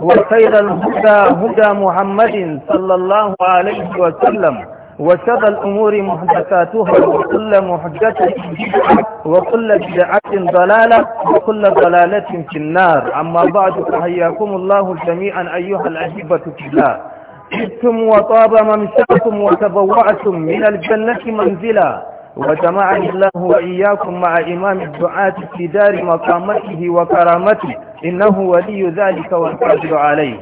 وخير الهدى هدى محمد صلى الله عليه وسلم وشر الأمور محدثاتها وكل محدثة وكل بدعة ضلالة وكل ضلالة في النار أما بعد فحياكم الله جميعا أيها الأحبة في الله جئتم وطاب ممشاكم وتبوعتم من الجنة منزلا وجمعني الله وإياكم مع إمام الدعاة في دار مقامته وكرامته إنه ولي ذلك والقادر عليه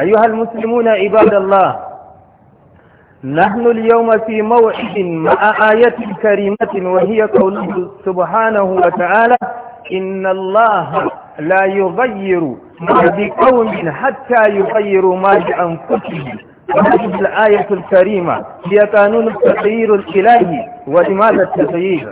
أيها المسلمون عباد الله نحن اليوم في موعد مع آية كريمة وهي قوله سبحانه وتعالى إن الله لا يغير ما بقوم حتى يغيروا ما بأنفسهم وهذه الآية الكريمة هي قانون التغيير الإلهي ولماذا التغيير؟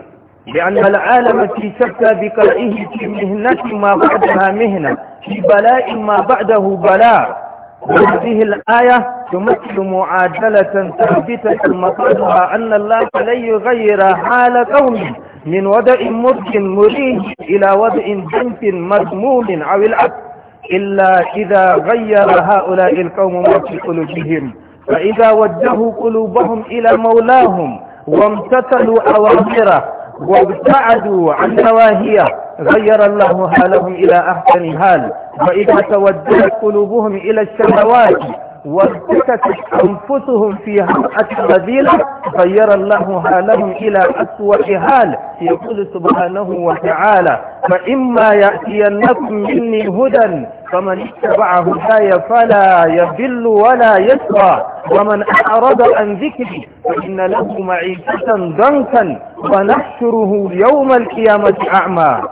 لأن العالم في شتى بقائه في مهنة ما بعدها مهنة في بلاء ما بعده بلاء وهذه الآية تمثل معادلة ثابتة مقالها أن الله لن يغير حال قوم من وضع مرج مريه إلى وضع جنف مذموم أو العكس إلا إذا غير هؤلاء القوم ما في قلوبهم فإذا وجهوا قلوبهم إلى مولاهم وامتثلوا أوامره وابتعدوا عن نواهيه غير الله حالهم إلى أحسن حال فإذا توجهت قلوبهم إلى الشهوات وارتكت أنفسهم في همأة الرذيلة غير الله حالهم إلى أسوأ حال يقول سبحانه وتعالى فإما يأتينكم مني هدى فمن اتبع هداي فلا يضل ولا يشقى ومن أعرض عن ذكري فإن له معيشة ضنكا ونحشره يوم القيامة أعمى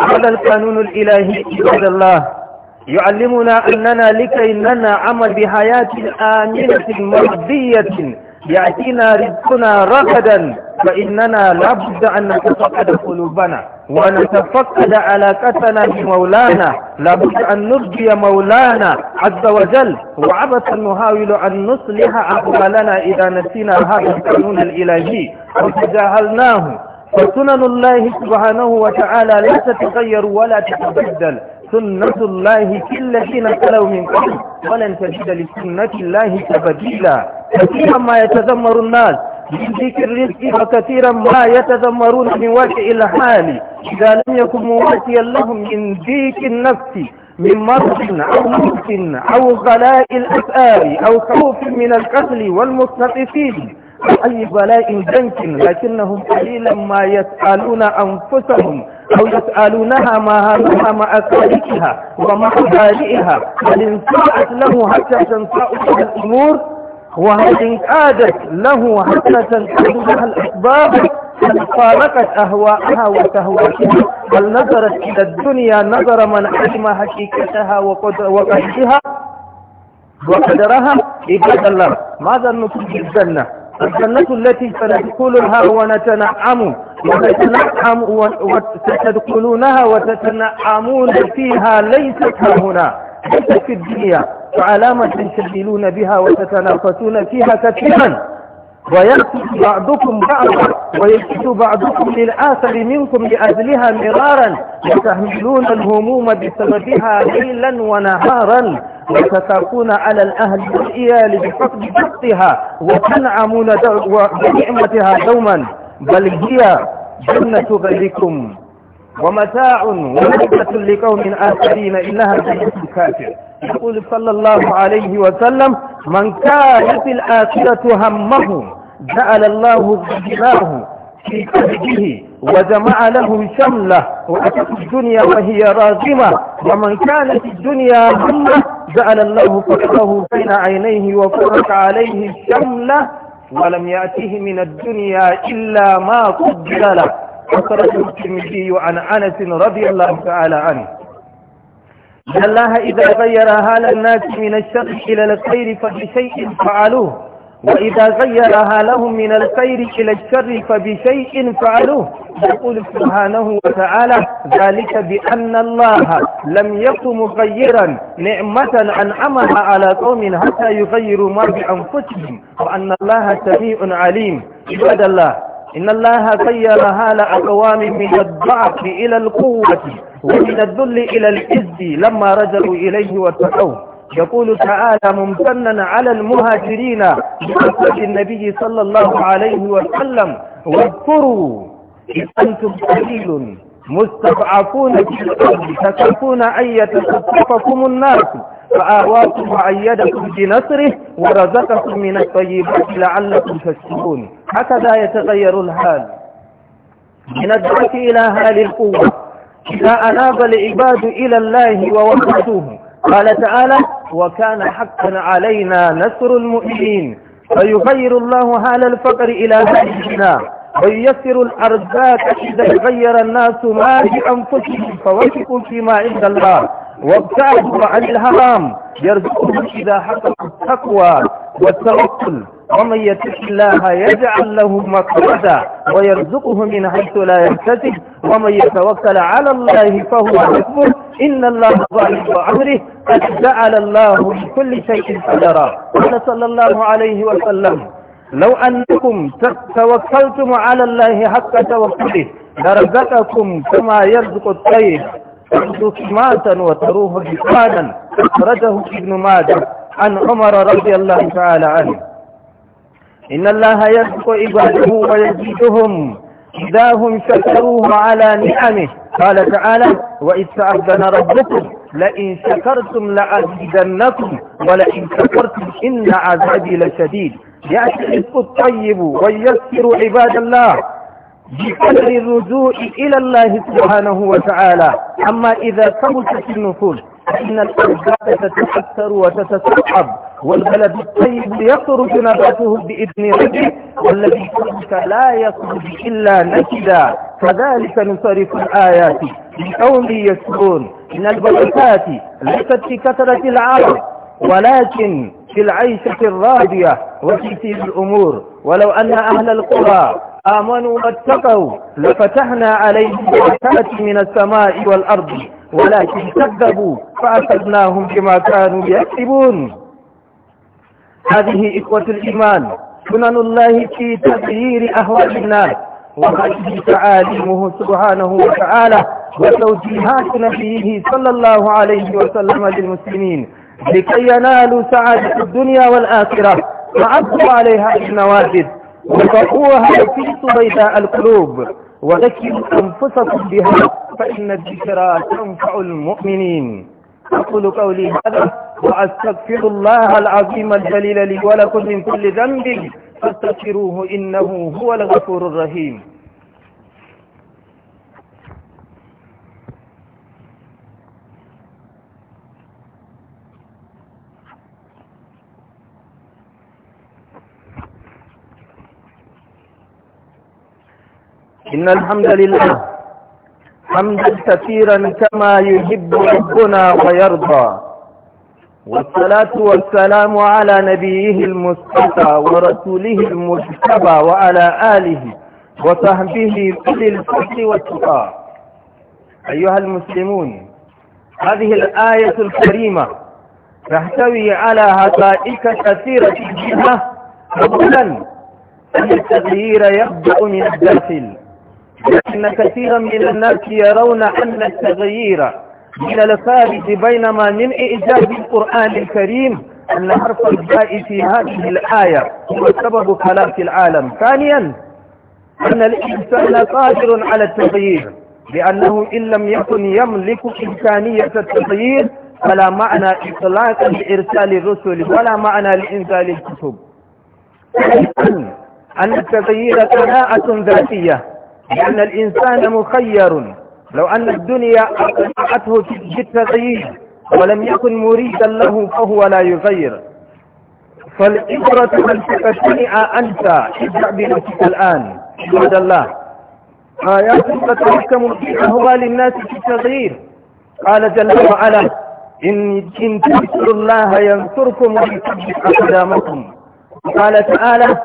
هذا القانون الإلهي عباد الله يعلمنا أننا لكي لنا عمل بحياة آمنة مرضية يأتينا رزقنا رغدا فإننا لابد أن نتفقد قلوبنا ونتفقد علاقتنا بمولانا لابد أن نرجي مولانا عز وجل وعبثا نحاول أن نصلح أحوالنا إذا نسينا هذا القانون الإلهي وتجاهلناه فسنن الله سبحانه وتعالى لا تتغير ولا تتبدل سنة الله في الذين خلوا من قبل ولن تجد لسنة الله تبديلا كثيرا ما يتذمر الناس من ذكر الرزق وكثيرا ما يتذمرون من واقع الحال إذا لم يكن مواتيا لهم من ذيك النفس من مرض أو موت أو غلاء الأسآل أو خوف من القتل والمستقفين أي بلاء جنك لكنهم قليلا ما يسألون أنفسهم أو يسألونها ما هذا مع أسالكها ومع حالئها هل انفعت له حتى بها الأمور وهل انقادت له حتى تنقادها الأسباب هل فارقت أهواءها وتهواتها هل نظرت إلى الدنيا نظر من علم حقيقتها وقدرها وقدرها عباد الله ماذا نطلب الجنة الجنة التي سندخلها ونتنعم ونتنعم وتدخلونها وتتنعمون فيها ليست هنا ليست في الدنيا وعلامة تشغلون بها وتتنافسون فيها كثيرا ويأتي بعضكم بعضا ويكتب بعضكم للآخر منكم لأجلها مرارا وتحملون الهموم بسببها ليلا ونهارا وستكون على الأهل بفضل بحقها وتنعمون بنعمتها دوما بل هي جنة غيركم ومتاع ولذة لقوم آخرين إنها جنة كافر يقول صلى الله عليه وسلم من كان في الآخرة همه جعل الله جناه في قلبه وجمع له شمله وأتت الدنيا وهي راغمة ومن كانت الدنيا همه جعل الله فقره بين عينيه وفرك عليه الشملة ولم يأتيه من الدنيا إلا ما قدر له وخرج الترمذي عن أنس رضي الله تعالى عنه الله إذا غير حال الناس من الشر إلى الخير فبشيء فعلوه وإذا غيرها لهم من الخير إلى الشر فبشيء فعلوه يقول سبحانه وتعالى ذلك بأن الله لم يك مغيرا نعمة أنعمها على قوم حتى يغيروا ما بأنفسهم وأن الله سميع عليم عباد الله إن الله غير لأقوام أقوام من الضعف إلى القوة ومن الذل إلى العز لما رجعوا إليه واتقوه يقول تعالى ممتنا على المهاجرين بقصة النبي صلى الله عليه وسلم واذكروا إذ أنتم قليل مستضعفون في الأرض تخافون أن يتخطفكم الناس فآواكم وأيدكم بنصره ورزقكم من الطيبات لعلكم تشكرون هكذا يتغير الحال من الدعوة إلى هال القوة إذا أناب العباد إلى الله ووحده قال تعالى وكان حقا علينا نصر المؤمنين فيغير الله حال الفقر إلى نفسنا ويسر الأرزاق إذا غير الناس ما في أنفسهم فوثقوا فيما عند الله وابتعدوا عن الهرام يرزقهم إذا حققوا التقوى والتوكل ومن يتق الله يجعل له مخرجا ويرزقه من حيث لا يحتسب ومن يتوكل على الله فهو حسبه إن الله ظالم بامره قد جعل الله لكل شيء قدرا قال صلى الله عليه وسلم لو أنكم توكلتم على الله حق توكله لرزقكم كما يرزق الطير تحدث سماتا وتروه بقانا أخرجه ابن ماجه عن عمر رضي الله تعالى عنه إن الله يرزق عباده ويزيدهم إذا هم شكروه على نعمه قال تعالى وإذ تأذن ربكم لئن شكرتم لأزيدنكم ولئن شكرتم إن عذابي لشديد يأتي الرزق الطيب ويسر عباد الله بقدر الرجوع إلى الله سبحانه وتعالى أما إذا كبست النفوس فإن الأرزاق تتأثر وتتصعب والبلد الطيب يخرج نباته بإذن ربه والذي ترك لا يخرج إلا نكدا كذلك نصرف الآيات لقوم يشكرون من البركات ليست في كثرة العرب ولكن في العيشة الراضية وفي سير الأمور ولو أن أهل القرى آمنوا واتقوا لفتحنا عليهم بركات من السماء والأرض ولكن كذبوا فأخذناهم بما كانوا يكسبون هذه إخوة الإيمان سنن الله في تغيير أهوال الناس وهذه تعاليمه سبحانه وتعالى وتوجيهات نبيه صلى الله عليه وسلم للمسلمين لكي ينالوا سعادة الدنيا والآخرة وعبدوا عليها النوافذ وفقوها في بيداء القلوب وذكروا أنفسكم بها فإن الذكرى تنفع المؤمنين أقول قولي هذا وأستغفر الله العظيم الجليل لي ولكم من كل ذنب فاستغفروه إنه هو الغفور الرحيم إن الحمد لله حمدا كثيرا كما يحب ربنا ويرضى والصلاة والسلام على نبيه المصطفى ورسوله المجتبى وعلى آله وصحبه أولي الفضل والتقى أيها المسلمون هذه الآية الكريمة تحتوي على حقائق كثيرة جدا أولا أن التغيير يبدأ من الداخل لأن كثيرا من الناس يرون أن التغيير من الفارق بينما من اعجاز القرآن الكريم أن حرف الباء في هذه الآية هو سبب فلاح العالم ثانيا أن الإنسان قادر على التغيير لأنه إن لم يكن يملك إمكانية التغيير فلا معنى إطلاقا لإرسال الرسل ولا معنى لإنزال الكتب أن التغيير قناعة ذاتية لأن الإنسان مخير لو أن الدنيا أقنعته بالتغيير ولم يكن مريدا له فهو لا يغير فالإبرة من تقتنع أنت ابدأ بنفسك الآن عباد الله آيات تتحكم في أهوال الناس في التغيير قال جل وعلا إن, إن تنصروا الله ينصركم ويثبت أقدامكم قال تعالى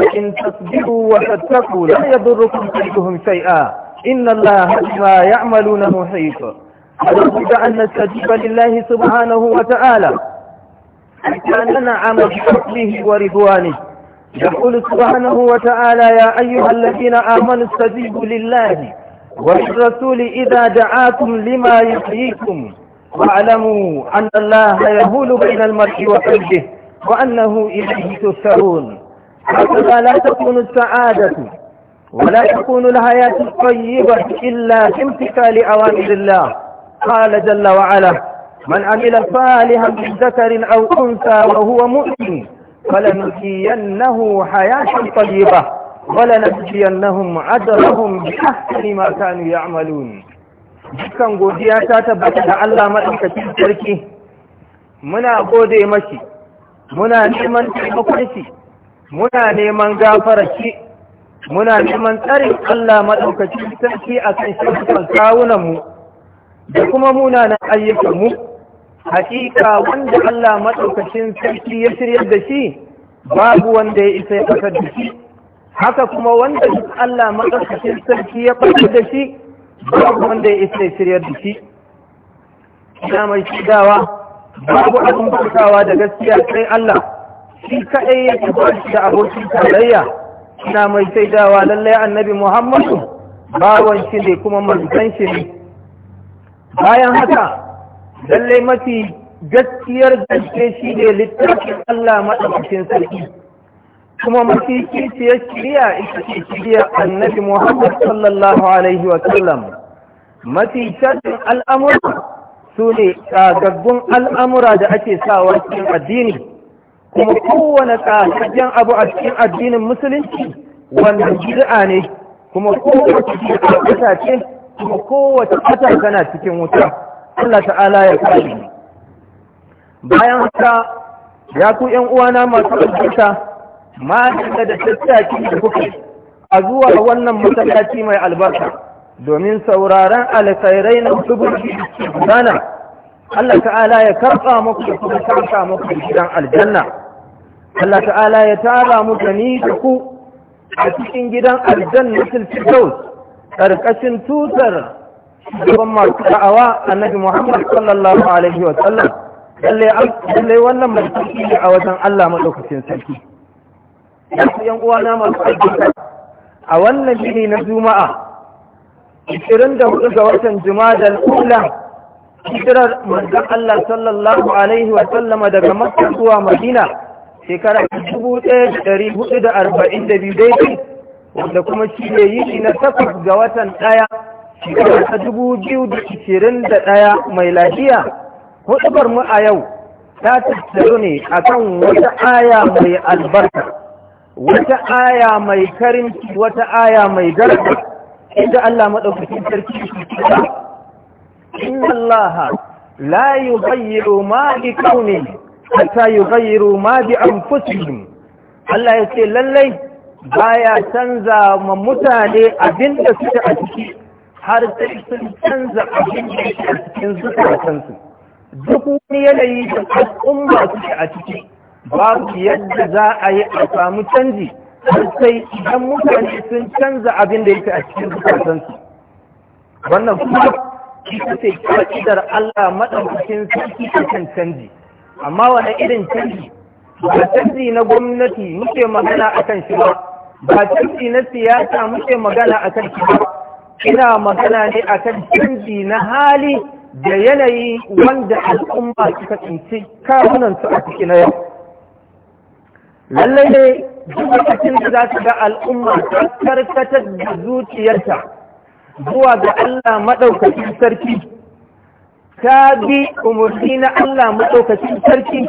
وإن تصبروا وتتقوا لا يضركم كيدهم شيئا إن الله بما يعملون محيط فلابد أن نستجيب لله سبحانه وتعالى حتى ننعم بفضله ورضوانه يقول سبحانه وتعالى يا أيها الذين آمنوا استجيبوا لله وللرسول إذا دعاكم لما يحييكم واعلموا أن الله يهول بين المرء وقلبه وأنه إليه تسرون هكذا لا تكون السعادة ولا تكون الحياة الطيبة إلا بامتثال أوامر الله قال جل وعلا من عمل صالحا من ذكر أو أنثى وهو مؤمن فلنحيينه حياة طيبة ولنجزينهم أجرهم بأحسن ما كانوا يعملون dukkan godiya ta tabbata da Allah maɗaukacin sarki muna gode mashi muna neman taimakon shi muna neman shi. muna neman tsarin Allah maɗaukacin sarki a kan shafukan kawunanmu da kuma munanan ayyukanmu hakika wanda Allah maɗaukacin sarki ya shirya da shi babu wanda ya isa ya ɓatar da shi haka kuma wanda duk Allah maɗaukacin sarki ya ɓatar da shi babu wanda ya isa ya shirya da shi ina mai shidawa babu abin bautawa da gaskiya sai Allah shi kaɗai yake ba shi da abokin tarayya ina mai saidawa lallai annabi muhammadu bawan shi ne kuma manzan shi ne bayan haka lallai mafi gaskiyar gaske shi ne littafin allah maɗaukacin sarki kuma mafi kiciyar shirya ita ce shirya annabi muhammad sallallahu alaihi wa sallam mafi shaɗin al'amura su ne tsagaggun al'amura da ake sawa cikin addini kuma kowane tsakajen abu a cikin addinin musulunci wanda bid'a ne kuma kowace bid'a wuta ce kuma kowace wata tana cikin wuta Allah ta'ala ya kare bayan haka ya ku 'yan uwana masu albarka ma da tattaki da kuka a zuwa wannan masallaci mai albarka domin sauraron alkhairai na subuhi gudana Allah ta'ala ya karɓa muku da kuma karɓa muku gidan aljanna Allah ta'ala ya tara mu da ku a cikin gidan aljannatul firdaus karkashin tutar gaban masu da'awa annabi Muhammad sallallahu alaihi wa sallam wannan mai a wajen Allah maɗaukacin sarki yan na masu aiki a wannan gini na juma'a 24 ga watan jumadal da hijirar manzon Allah sallallahu alaihi wa sallama daga masu zuwa Madina shekara dubu ɗaya da ɗari hudu da arba'in da biyu daidai wanda kuma shi ne yi na takwas ga watan ɗaya shekara ta dubu biyu da ishirin da ɗaya mai lafiya hudubar mu a yau ta tattaru ne akan wata aya mai albarka wata aya mai karinci wata aya mai daraja inda Allah madaukakin sarki inna Allah la yughayyiru ma bi qaumin hatta yughayyiru ma bi anfusihim Allah ya ce lallai baya canza ma mutane abin da suke a ciki har sai sun canza abin da suke a cikin zukatansu duk wani yanayi da al'umma suke a ciki babu yadda za a yi a samu canji har sai idan mutane sun canza abin da yake a cikin zukatansu wannan kuma ita ce idar Allah madaukakin sarki kan canji amma wani irin canji ba canji na gwamnati muke magana a kan shi ba ba canji na siyasa muke magana a kan shi ba ina magana ne a kan canji na hali da yanayi wanda al'umma suka tsinci su a ciki na yau lallai ne duk lokacin da za su ga al'umma ta karkatar da zuciyarta zuwa ga Allah maɗaukacin sarki ta bi umarni na Allah maɗaukacin sarki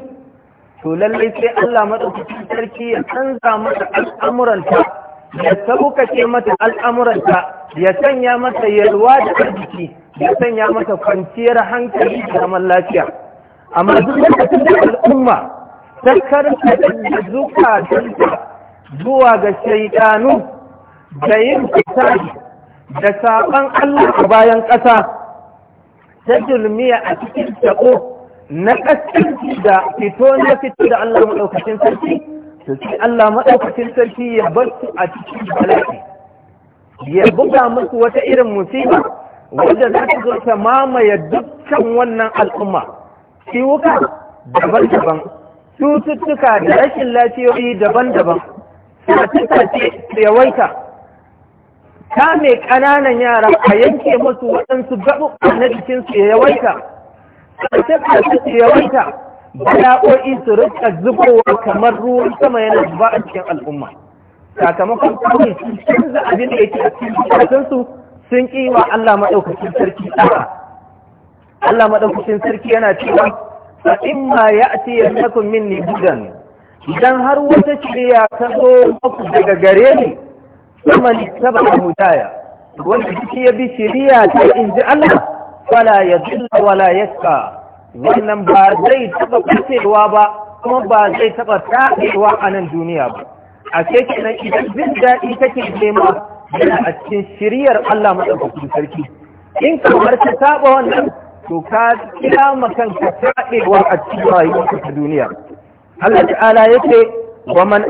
to lallai sai Allah maɗaukacin sarki ya canza mata al'amuranta ya sauƙaƙe mata al'amuranta ya sanya mata yalwa da arziki ya sanya mata kwanciyar hankali da zaman lafiya amma duk lokacin da al'umma ta karka da zukatunta zuwa ga shaidanu da yin fitari da saɓan Allah a bayan ƙasa ta dulmiya a cikin taɓo na ƙasar da fito na fito da Allah maɗaukacin sarki to sai Allah maɗaukacin sarki ya bar su a cikin bala'i ya buga musu wata irin musiba wanda za ta zo ta mamaye dukkan wannan al'umma ciwuka daban-daban cututtuka da rashin lafiyoyi daban-daban sace-sace yawaita kame ƙananan yara a yanke masu waɗansu gaɓuɓɓa na jikinsu ya yawaita ƙarshe su yawaita bala'o'i su rika zubowa kamar ruwan sama yana zuba a cikin al'umma sakamakon kawai sun canza abin da yake a cikin sun ƙi wa Allah maɗaukacin sarki Allah maɗaukacin sarki yana cewa fa in ma ya ce yannakum minni hudan idan har wata shirya ta zo maku daga gare ni ومن اتبع هدايا والذي بشريعة إن جاء الله فلا يضل ولا يشقى wannan ba zai taba kusewa ba kuma ba zai taba taɗewa a nan duniya ba a nan idan jin daɗi kake nema yana a cikin shiriyar Allah maɗaukakin sarki in kamar ka saba wannan to ka kira makan ka a cikin rayuwarka ta duniya Allah ta'ala ya ce wa man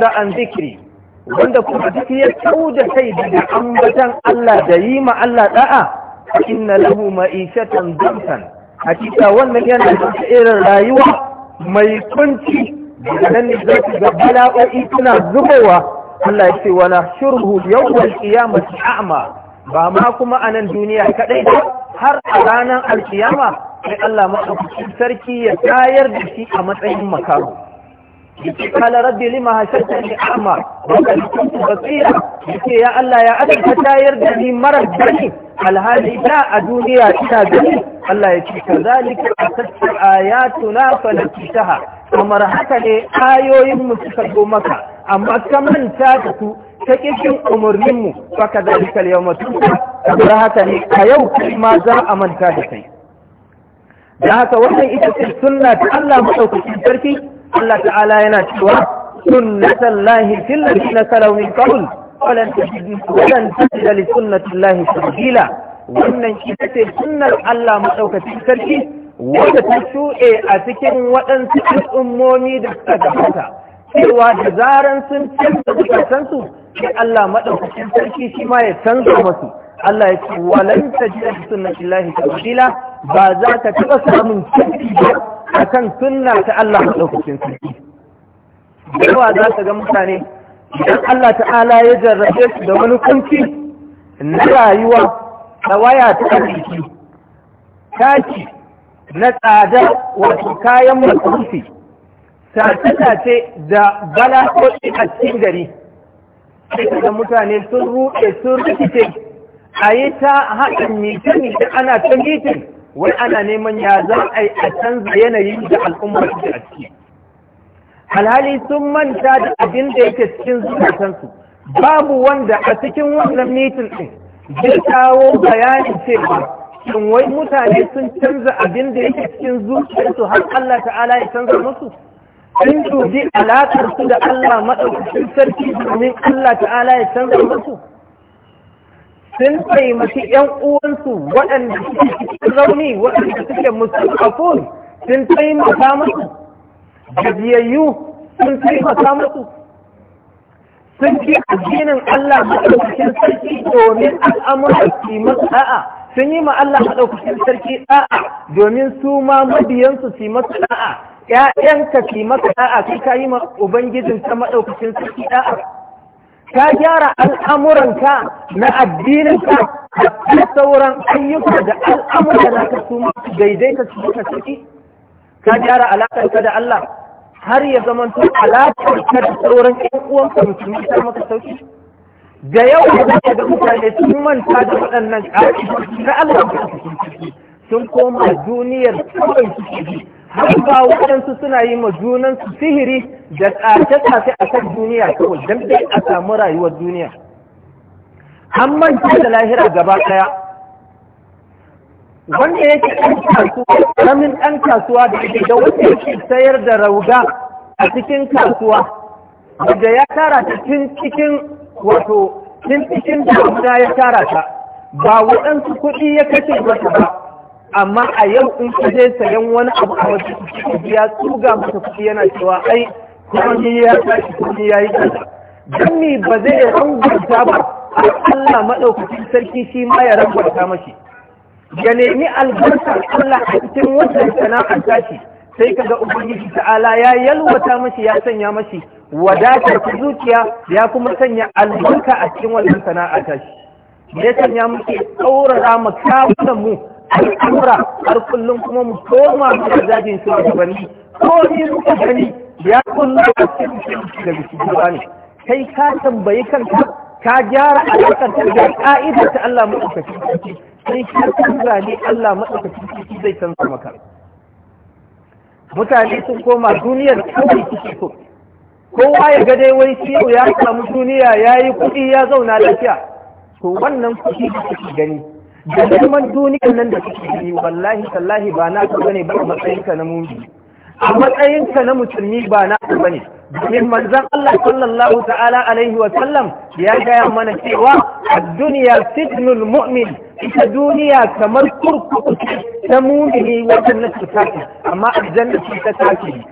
da an zikri wanda kuma duk ya da kai daga ambatan Allah da yi ma Allah da'a inna lahu ma'ishatan dhamsan hakika wannan yana da rayuwa mai kunci daga nan ne za ga bala'o'i suna zubowa Allah ya ce wa nahshuruhu yawmal qiyamati a'ma ba ma kuma a nan duniya kadai har a ranar alkiyama sai Allah maɗaukacin sarki ya tayar da shi a matsayin makaru قال ربي لما هشتني أعمى وقد كنت بصيرا يا الله يا أبي فتاير دني مرض دني هل هذه لا أدوني أشنا دني الله يكي كذلك أتت آياتنا فنسيتها kamar haka ne ayoyinmu suka zo amma ka manta da su ta ƙiƙin umarninmu ba ka da rikal yau matuka kamar haka ne a yau ma za a manta da kai da haka wannan ita ce sunna ta Allah maɗaukakin sarki Allah ta'ala yana cewa سنة الله في الذين سلوا من قبل ولن تجد ولن تجد لسنة الله تبديلا wannan shi ce sunnar Allah maɗaukacin sarki wadda ta shuɗe a cikin waɗansu al'ummomi da suka gabata cewa da zaran sun canza zukatansu sai Allah maɗaukacin sarki shi ma ya canza masu Allah ya ce walan tajida bi sunnati ta tabdila ba za ka taba samun canji ba kan sunna ta Allah madaukakin sarki yawa za ka ga mutane idan Allah ta'ala ya jarrabe su da wani kunci na rayuwa ta waya ta arziki taki na tsada wato kayan masarufi sace-sace da bala bala'o'i a cikin gari sai mutane sun ruɗe sun rikice a yi ta haɗa mitin ana ta mitin wai ana neman ya za a yi a canza yanayin da al'ummar su a ciki Halali sun manta da abin da yake cikin zukatansu babu wanda a cikin wannan mitin ɗin zai kawo bayanin cewa shin wai mutane sun canza abin da yake cikin zuciyarsu har Allah ta'ala ya canza musu sun dubi alaƙar su da Allah maɗaukacin sarki domin Allah ta'ala ya canza musu sun taimaki ‘yan uwansu waɗanda suke rauni waɗanda suke musulafun sun taimaka musu gajiyayyu sun taimaka musu sun ci addinin Allah maɗaukakin sarki domin al'amuran su masu a'a sun yi ma Allah maɗaukakin sarki a'a domin su ma mabiyansu su masu a'a ‘ya'yanka su masu a'a sun ka yi ma Ubangijin ta maɗaukakin sarki a'a ka gyara al'amuranka na addininka da sauran ayyuka da al'amura na ka su daidaita su ka ciki ka gyara alaƙarka da Allah har ya zama to alaƙarka da sauran ƴan uwanka musulmi ta maka sauki da yawa da mutane sun manta da waɗannan ƙa'idoji na Allah sun koma duniyar kawai su haka waɗansu suna yi ma junansu sihiri da tsace-tsace a kan duniya kawai don dai a samu rayuwar duniya an manta da lahira gaba ɗaya wanda yake ɗan kasuwa ramin ɗan kasuwa da yake da wanda yake sayar da rauga a cikin kasuwa da ya tara ta cikin wato cikin damuna ya tara ta ba waɗansu kuɗi ya kashe wata ba amma a yau in ka je sayan wani abu a wajen kuɗi ya tsuga mata kuɗi yana cewa ai kuɗi ya tashi kuɗi ya yi kaza dan ba zai rangwarta ba Allah maɗaukacin sarki shi ma ya rangwarta mashi ya nemi albarka Allah a cikin wannan sana'ar tashi sai ka kaga ubangiji ta'ala ya yalwata mashi ya sanya mashi wadatar zuciya ya kuma sanya albarka a cikin wannan sana'a tashi ya sanya mashi tsaurara makawunan mu al'amura har kullum kuma mu koma muna zagin su da gabani ko ni muka gani ya kullum da cikin da biki gaba ne kai ka tambayi kanka ka gyara alaƙar ta da ka'idar ta Allah madaukakin sarki sai ka canza ne Allah madaukakin sarki zai su maka mutane sun koma duniyar kawai kike so kowa ya ga dai wai ciwo ya samu duniya ya yi kuɗi ya zauna lafiya to wannan kuɗi da kake gani da girman duniyan nan da kake yi wallahi tallahi ba na ka bane ba a matsayinka na mumi a matsayinka na musulmi ba na ka bane domin manzon Allah sallallahu ta'ala alaihi wa sallam ya gaya mana cewa ad-dunya sijnul mu'min ita duniya kamar kurkuku ta mumini wajen na amma aljanna ce ta kafiri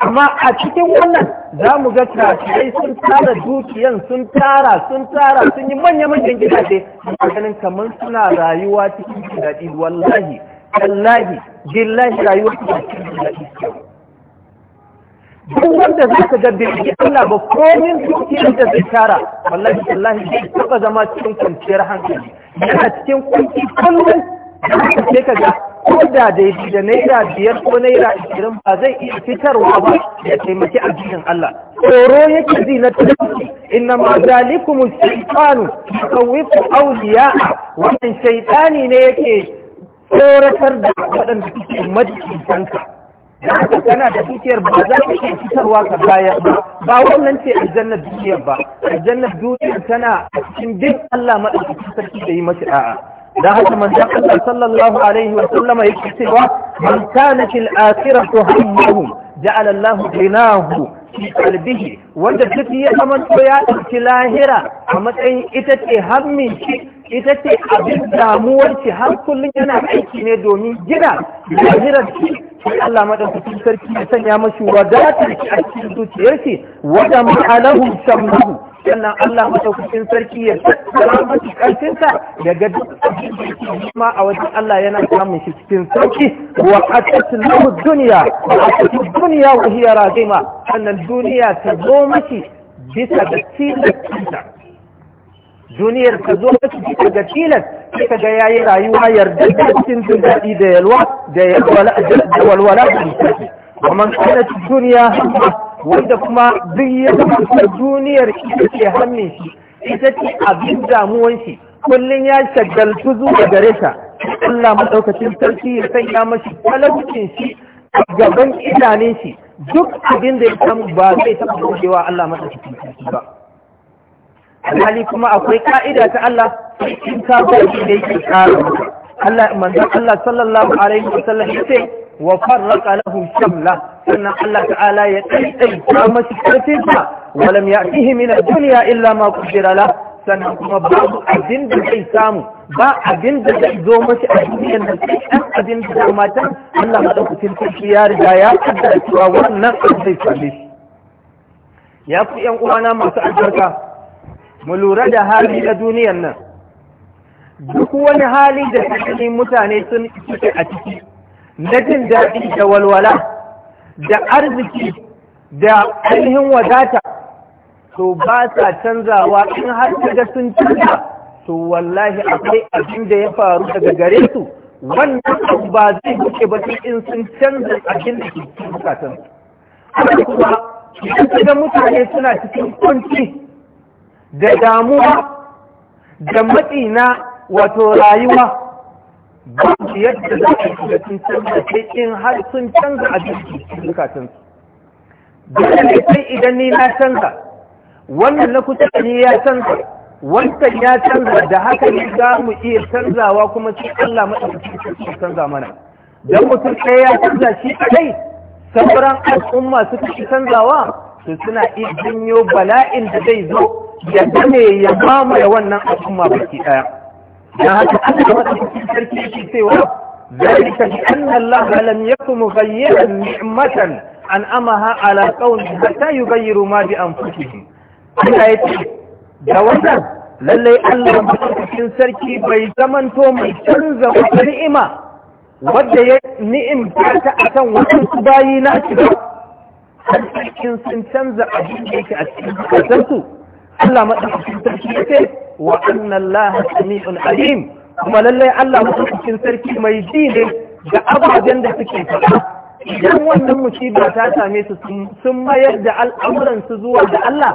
amma a cikin wannan za mu ga kafirai sun tara dukiyan sun tara sun tara sun yi manya-manyan gidaje a ganin kamar suna rayuwa cikin gidaɗi wallahi wallahi billahi rayuwa cikin gidaɗi duk wanda za ka ga bai Allah ba komin dukiyar da zai tara wallahi wallahi zai taɓa zama cikin kwanciyar hankali yana cikin kwanci kullum sai ka ga da daidai da naira biyar ko naira ashirin ba zai iya fitarwa ba ya taimaki addinin Allah tsoro yake ji na tafi inna ma zalikum shaytanu yukawwifu awliya'a wannan shaytani ne yake tsoratar da waɗanda suke majisanka da kana da dukiyar ba za ka iya fitarwa ka bayar ba ba wannan ce aljannar dukiyar ba aljannar dukiyar tana cikin bin Allah maɗaukaki sarki da yi mashi a'a. da haka manzan Allah sallallahu alaihi wa sallama yake cewa man kanat al-akhiratu hammuhu ja'ala Allahu ghinahu fi qalbihi wanda duk ya zaman to ya dauki lahira a matsayin ita ce hammin shi ita ce abin damuwar shi har kullum yana aiki ne domin gida lahirar shi sai Allah madaukakin sarki ya sanya mashi wadatar a cikin zuciyar shi wa jama'a lahu shamlahu sannan Allah madaukakin sarki ya sanya. mashi karfin sa daga duk ma a wajen Allah yana samun shi cikin sauki wa atat lahu dunya wa atat dunya wa hiya sannan duniya ta zo mashi bisa da tilasta duniyar ka zo ka ci daga tilas sai ka ga yayi rayuwa yarda cikin jin daɗi da yalwa da walwala da lissafi ومن كانت الدنيا wanda kuma duk ya zama duniyar ita ce hannun shi ita ce abin damuwan shi kullum ya shagaltu zuwa gare ta Allah madaukakin sarki ya sanya mashi talaucin shi gaban idanun shi duk abin da ya samu ba zai taɓa gogewa Allah madaukakin sarki ba alhali kuma akwai ka'ida ta Allah in ka bari da yake kara Allah manzon Allah sallallahu alaihi wasallam yace wa farraqa lahu shamla sannan Allah ta'ala ya tsaitsai ta mashi karfin sa walam ya'tihi min ad-dunya illa ma qaddara la sannan kuma babu abin da zai samu ba abin da zai zo mashi a duniyar da sai an abin da kuma matan Allah madaukakin sarki ya riga ya kaddara cewa wannan zai same shi ya ku yan uwana masu albarka mu lura da hali na duniyan nan duk wani hali da cikin mutane sun suke a ciki na jin daɗi da walwala da arziki da ainihin wadata to ba sa canzawa in har kaga sun canza to wallahi akwai abin da ya faru daga gare su wannan ba zai buke ba in sun canza abin da ke bukatan su. Kuma idan mutane suna cikin kunci da damuwa da matsina wato rayuwa ba su yadda za a shiga sun canza sai in har sun canza a cikin zukatansu dole ne sai idan ni na canza wannan na kusa da ni ya canza wannan ya canza da haka ne za mu iya canzawa kuma sai Allah maɗauki su canza mana dan mutum ɗaya ya canza shi kai sauran al'umma suka canzawa to suna iya janyo bala'in da zai zo ya game ya mamaye wannan al'umma baki daya dan haka Allah madaukakin sarki yake cewa ذلك بأن الله لم يكن مغيرا نعمة أنعمها على قوم حتى يغيروا ما بأنفسهم أنا يتي جوازا للي الله مدرسين سركي بي زمن تو مي تنزا ونعمة ودى نعم تاتا أسان وتنسباينا كده har cikin sun canza abin da yake a cikin zukatansu Allah madaukakin sarki ya ce wa annan laha sami'un alim kuma lallai Allah madaukakin sarki mai ji ne ga ababen da suke faɗa idan wannan musiba ta same su sun mayar da al'amuran su zuwa ga Allah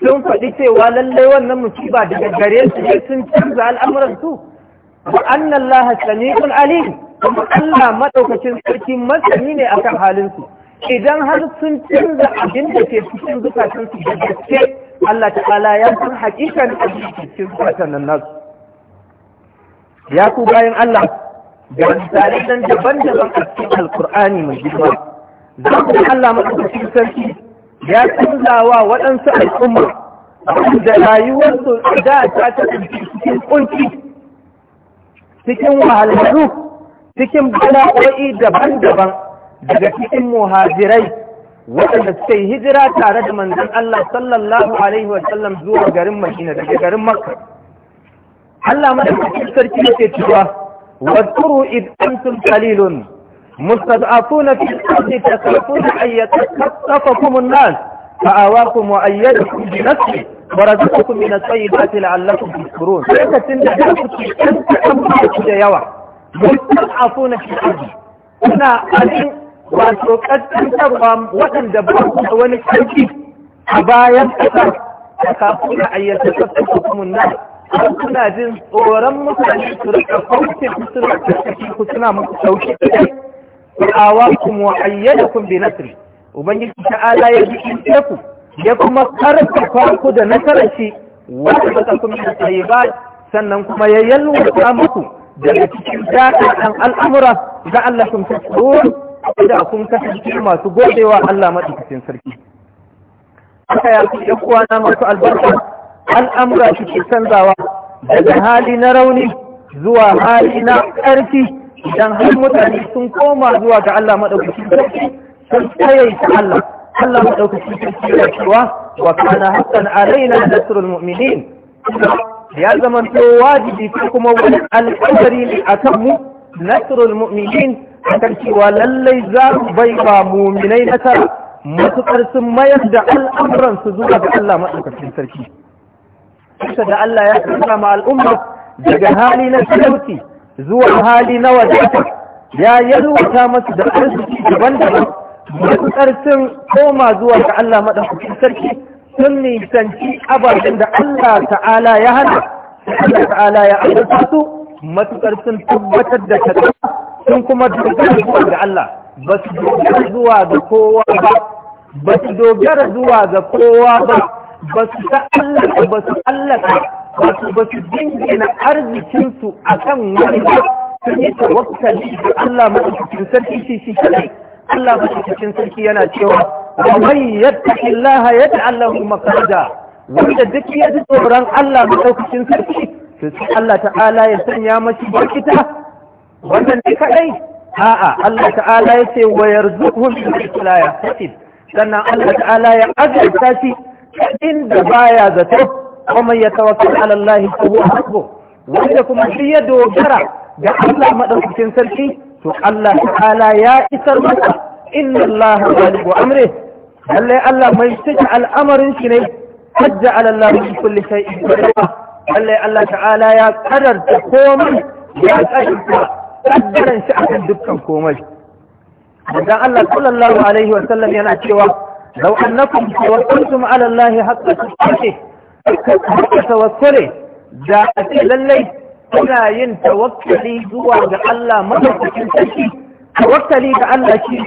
sun faɗi cewa lallai wannan musiba daga gare su ne sun canza al'amuran su wa annan laha sami'un alim kuma Allah madaukakin sarki masani ne akan halin su idan har sun canza abin da ke cikin zukatan su da gaske Allah ta'ala ya san hakikan abin da ke cikin zukatan nan nasu ya ku bayan Allah da misalai dan daban-daban a cikin alkur'ani mai girma za ku Allah maɗaukakin sarki ya canza wa waɗansu al'umma da rayuwarsu da ta ta cikin kunci cikin wahalhalu cikin bala'o'i daban-daban daga cikin muhajirai waɗanda suka yi hijira tare da manzon Allah sallallahu alaihi wasallam zuwa garin Madina daga garin Makka Allah madaukakin sarki yake cewa واذكروا إذ أنتم قليل مستضعفون في الأرض تخافون أن da الناس فآواكم وأيدكم بنفسه ورزقكم da الطيبات لعلكم تشكرون لكن أنتم يوا مستضعفون في الأرض هنا أن wato kaddantarwa waɗanda ba su da wani karfi a bayan ƙasa da kafin na ayyata sassan hukumun nan suna jin tsoron mutane su rika kauce su rika kashi ku suna muku sauki awa kuma wa ayyada kun bi nasri ubangiji ta'ala ya ji ku ya kuma karfafa ku da nasarar shi wata ka kuma yi ba sannan kuma ya yalwa muku daga cikin daɗin al'amura za Allah sun fi tsoro da kun kasance masu godewa Allah madaukakin sarki haka ya fi ɗan uwana masu albarka al'amura suke canzawa daga hali na rauni zuwa hali na ƙarfi idan har mutane sun koma zuwa ga Allah maɗaukacin sarki sun ta Allah Allah maɗaukacin sarki ya cewa wa kana haqqan alaina nasrul mu'minin ya zama to wajibi ko kuma wani alƙawari ne a kanmu, nasrul mu'minin akan cewa lallai za mu bai ba muminai nasara matuƙar sun mayar da su zuwa ga Allah maɗaukacin sarki. Kusa da Allah ya kasa ma al'umma daga hali na talauci zuwa hali na wadata ya yalwata masu da arziki daban-daban matuƙar sun koma zuwa ga Allah maɗaukacin sarki sun nisanci ababen da Allah ta'ala ya hana Allah ta'ala ya arzika su matuƙar sun tabbatar da shari'a sun kuma dogara zuwa ga Allah ba su dogara zuwa ga kowa ba ba su dogara zuwa ga kowa ba ba su Allah ba su allaka ba su ba su dingina arzikinsu a kan wani ba sun yi tawakkali da Allah maɗaukakin sarki shi shi kadai Allah maɗaukakin sarki yana cewa wa man yattaqillaha yaj'al lahu makhraja wanda duk ya ji tsoron Allah maɗaukakin sarki to sai Allah ta'ala ya sanya mashi barkita wannan ne kadai a'a Allah ta'ala ya ce wa yarzuqhu min la yahtasib sannan Allah ta'ala ya azurta shi inda baya zato kuma ya tawakkal ala Allah fa huwa wanda kuma shi ya dogara ga Allah madaukakin sarki to Allah ta'ala ya isar masa inna Allah ghalibu amri lalle Allah mai cika al'amarin shi ne hajja ala Allah kulli shay'in lallai Allah ta'ala ya kararta komai ya kadarta kaddaran shi dukkan komai Idan Allah sallallahu alaihi wa sallam yana cewa law annakum tawakkaltum ala Allah haqqa tawakkulihi tawakkule da ake lallai kuna yin tawakkali zuwa ga Allah madaukakin sarki tawakkali ga Allah shi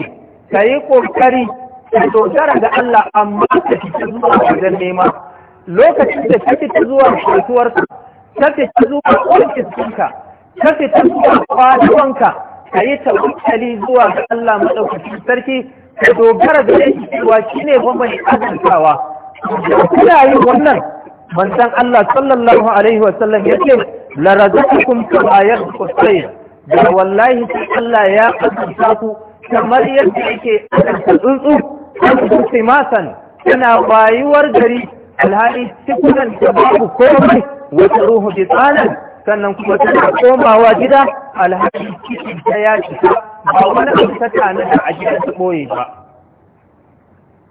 kayi ƙoƙari ka dogara ga Allah amma ka fita zuwa wajen nema lokacin da kake ta zuwa shekuwarka kake ta zuwa ofiskinka kake ta zuwa kwaduwanka ka yi tawakkali zuwa ga Allah madaukakin sarki ka dogara da yake cewa shine mai azantawa kuna yi wannan manzon Allah sallallahu alaihi wasallam ya la razaqakum kama yarzuqu sayr da wallahi Allah ya azanta ku kamar yadda yake azanta tsuntsu an tsuntsu masan yana bayuwar gari alhali cikin da babu komai wata ruhu bi tsanan sannan kuma tana komawa gida alhali cikin ta ya cika ba wani abu ta tana da a gidan ta ɓoye ba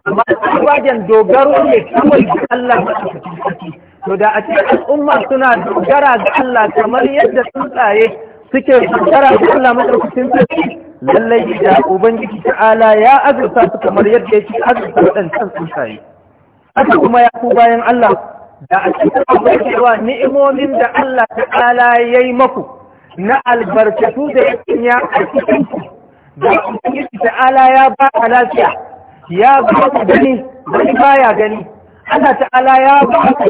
amma wajen dogaro ne kawai da Allah ba su cikin to da a ce al'umma suna dogara ga Allah kamar yadda tsuntsaye suke dogara ga Allah madaukakin sarki lallai da ubangiji ta'ala ya azurta su kamar yadda yake azurta waɗancan tsuntsaye haka kuma ya ku bayan Allah da a cikin wa ni'imomin da Allah ta'ala ya yi maku na albarkatu da ya kinya a cikin da ubangiji ta'ala ya ba a lafiya ya ba ku gani wani ya gani Allah ala ya ba ku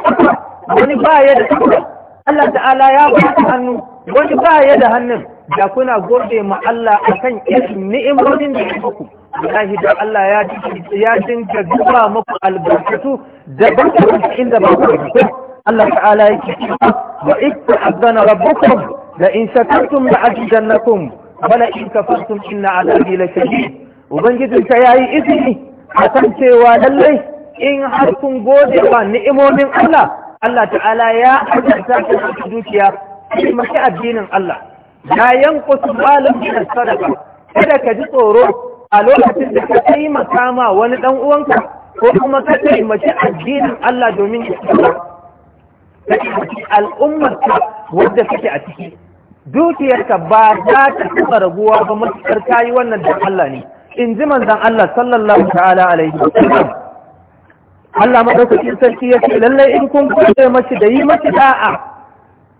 wani ya da kafa Allah ta'ala ya ba ku hannu wani ba ya da hannun da kuna gode ma Allah akan irin ni'imomin da ya ku wallahi da Allah ya ya dinka zuba muku albarkatu da barkatu inda ba ku Allah ta'ala yake cewa wa ikta azana rabbukum la in shakartum la azidannakum wa la in kafartum inna azabi la shadid ubangijin ta yayi izini a san cewa lallai in har kun gode wa ni'imomin Allah Allah ta'ala ya azarta ku dukiya kuma addinin Allah la yanqutu malan min sadaka kada ka ji tsoro a lokacin da ka taimaka ma wani ɗan uwanka ko kuma ka taimaki addinin Allah domin ya ka taimaki al'ummarka wadda kake a ciki dukiyarka ba za ta taɓa raguwa ba matuƙar ta yi wannan don Allah ne in ji manzan Allah sallallahu ta'ala alaihi wa sallam Allah madaukakin sarki ya ce lallai in kun kwace mashi da yi mashi da'a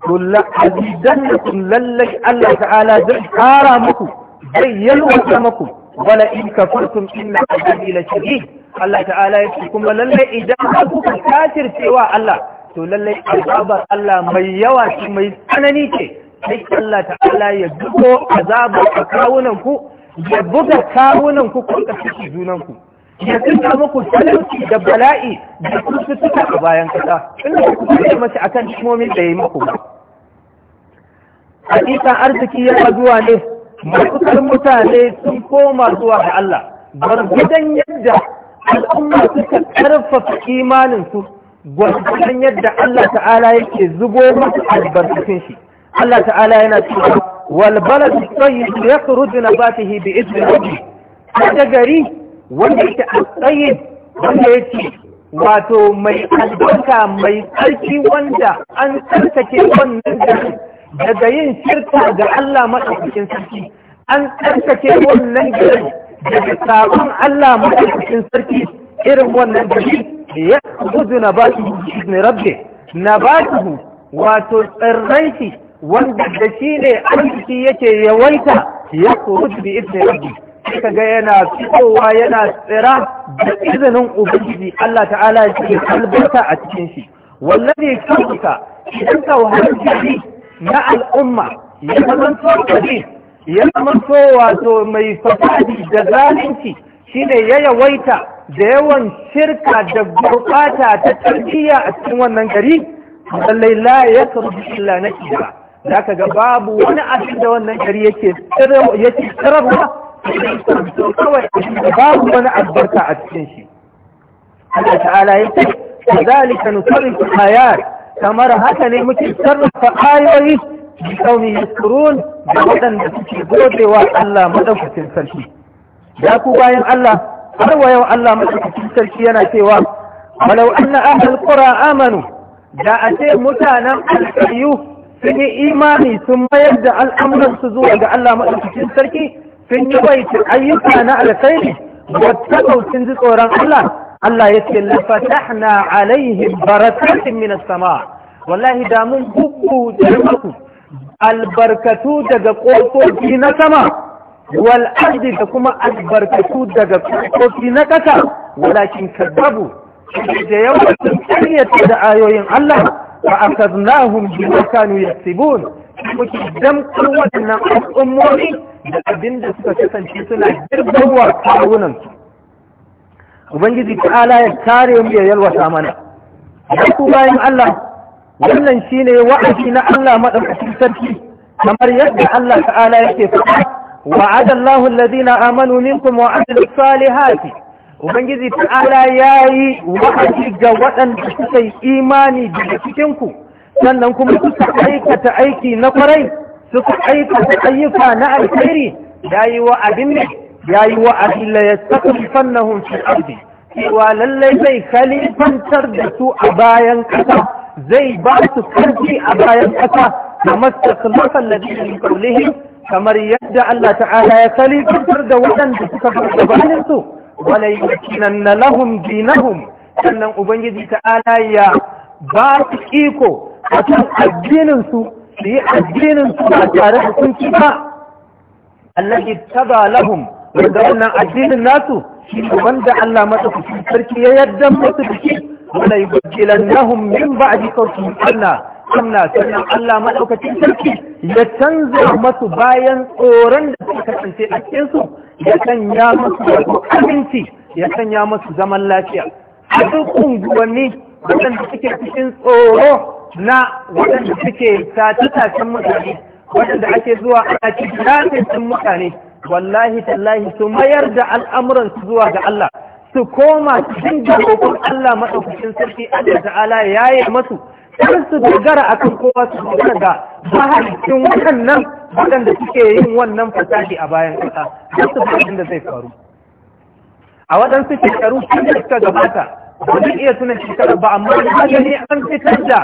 kullu azidannakum lallai Allah ta'ala zai kara muku zai yalwata muku wala in kafartum inna azabi la shadid Allah ta'ala ya ce kuma lallai idan kuka kafircewa Allah to lallai azabar Allah mai yawa ce mai tsanani ce sai Allah ta'ala ya duko azabar a kawunan ku ya buga kawunan ku ku ka kashe junan ku ya tuka muku talauci da bala'i da cututtuka a bayan kasa inda ku kashe mace akan hikimomin da ya yi muku ba hadisan arziki yana zuwa ne matukar mutane sun koma zuwa ga Allah gwargwadon yadda al'umma suka karfafa imaninsu gwargwadon yadda Allah ta'ala yake zubo masu albarkacin shi Allah ta'ala yana cewa wal balad tayyib yakhruju nabatihi bi idni rabbi kada gari wanda yake tayyib wanda yake wato mai albarka mai tsarki wanda an tsarkake wannan gari daga yin shirta ga Allah maɗaukakin sarki an tsarkake wannan gari daga sabon Allah maɗaukakin sarki irin wannan gari da ya gudu na ba su ne rabbe na ba su wato shi wanda da shi ne arziki yake yawaita ya kurutu bi ibn rabbi ka ga yana fitowa yana tsira da izinin ubangiji Allah ta'ala ya ce albarka a cikin shi wallazi kanka idan ka wahalci na al'umma ya zamanto ya zamanto wato mai fasadi da zalunci shine ya yawaita da yawan shirka da gurɓata ta tarbiyya a cikin wannan gari lallai la ya karbi illa na ba? Za ka ga babu wani abin da wannan gari yake yake tsararwa kawai babu wani albarka a cikin shi Allah ta'ala ya ce كذلك نصرف الآيات kamar haka ne muke sarrafa ayoyi kaumi yasrun da waɗanda suke godewa Allah madaukakin sarki ya ku bayan Allah har wa yau Allah madaukakin sarki yana cewa walau anna ahlul qura amanu da a ce mutanen alƙayu sun yi imani sun mayar da al'amuransu zuwa ga Allah madaukakin sarki sun yi baiti ayyuka na alkhairi wata kaucin ji tsoron Allah Allah ya ce lafatahna alaihim barakatin min as-sama wallahi da mun bubbu albarkatu daga kofofi na sama wal ardi da kuma albarkatu daga kofofi na kasa walakin kadabu da yawa sun karyata da ayoyin Allah fa akadnahum bima kanu yaktubun muke damkar waɗannan al'ummomi da abin da suka kasance suna girbarwa kawunansu ubangiji ta'ala ya kare mu ya yalwata mana da ku bayan Allah wannan shine wa'azi na Allah madaukakin sarki kamar yadda Allah ta'ala yake faɗa wa'ada Allahu alladhina amanu minkum wa amilu salihati ubangiji ta'ala yayi wa'azi ga waɗanda suka yi imani daga cikin ku sannan kuma suka aikata aiki na kwarai suka aikata ayyuka na alheri yayi wa abin ne ya yi wa'azi la yastakhlifannahum fil ardi cewa lallai zai kalifantar da su a bayan kasa. zai ba su karfi a bayan ƙasa da mastakhlifan ladina min qawlihim kamar yadda Allah ta'ala ya kalifantar da waɗanda suka bar gabanin su wala yukinanna lahum dinahum sannan ubangiji ta'ala ya ba su iko a kan addinin su su yi addinin su ba tare da kunci ba allazi taba lahum wanda wannan addinin nasu shi wanda Allah madaukakin sarki ya yarda masu da shi wala yubdilannahum min ba'di khawfihim amna amna sannan Allah madaukakin sarki ya canza masu bayan tsoron da suka kasance a cikin su ya sanya masu aminci ya sanya masu zaman lafiya a duk unguwanni waɗanda suke cikin tsoro na waɗanda suke tace-tacen mutane waɗanda ake zuwa ana cikin mutane wallahi tallahi su mayar da al'amuran zuwa ga Allah su koma cikin da Allah maɗaukacin sarki Allah ta'ala ya yi masu kar su dogara akan kowa su dogara ga mahaifin waɗannan waɗanda suke yin wannan fasahi a bayan ƙasa har su abin da zai faru a waɗansu shekaru da suka gabata ba zan iya tunan shekaru ba amma na gani an fitar da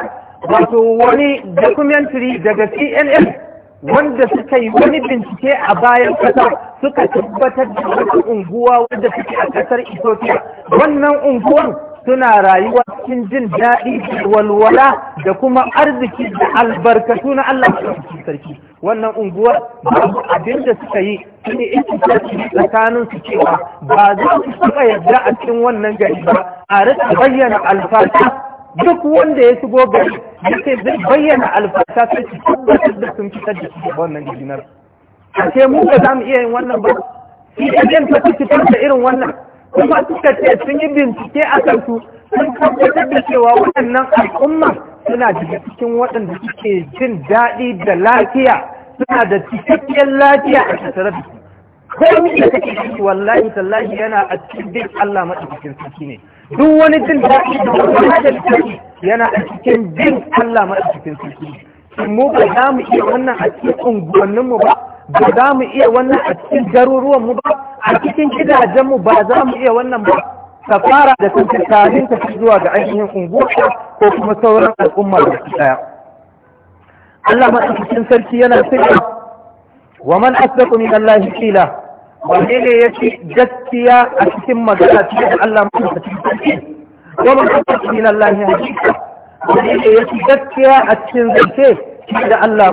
wato wani documentary daga CNN wanda suka yi wani bincike a bayan kasar suka tabbatar da wata unguwa wadda suke a kasar Ethiopia wannan unguwar suna rayuwa cikin jin daɗi walwala da kuma arziki da albarkatu na Allah sarki wannan unguwar babu abin da suka yi shine ikisarci tsakanin su cewa ba za su taɓa a cikin wannan gari ba a rika bayyana alfata duk wanda ya shigo gari ya ce zai bayyana alfata sai su tabbatar da sun fitar da su wannan jijinar a ce mu ba za mu iya yin wannan ba ajiyar ta fitar da irin wannan kuma suka ce sun yi bincike a kan su sun tabbatar da cewa waɗannan al'umma suna daga cikin waɗanda suke jin daɗi da lafiya suna da cikakkiyar lafiya a tattare da su komai da kake ciki wallahi tallahi yana a cikin bin Allah madaukakin sarki ne duk wani jin daɗi da wani hadari yana a cikin bin Allah madaukakin sarki ne mu ba za mu iya wannan a cikin unguwannin mu ba ba za mu iya wannan a cikin garuruwan mu ba a cikin gidajen mu ba za mu iya wannan ba ka fara da kanka kafin ka zuwa ga ainihin unguwa ko kuma sauran al'umma da daya Allah madaukakin sarki yana sanya wa man asdaqu min Allah qila wane ne yace gaskiya a cikin magana cikin Allah madaukakin wa man asdaqu min Allah hadisa wane ne gaskiya a cikin da Allah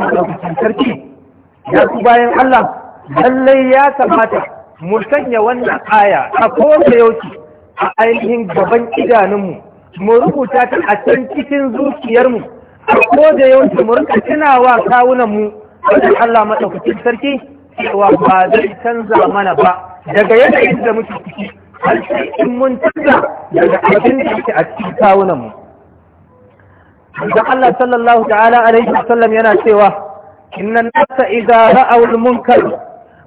sarki ya bayan Allah lallai ya kamata mu sanya wannan aya a kowace yauki a ainihin gaban idanunmu mu rubuta ta a can cikin zuciyarmu a kowace yauki mu rika tunawa kawunanmu wajen Allah maɗaukacin sarki cewa ba zai canza mana ba daga yanayin da muke ciki har sai in mun canza daga abin da yake a cikin kawunan mu dan Allah sallallahu ta'ala alaihi wasallam yana cewa innan nasa idza ra'aw al-munkar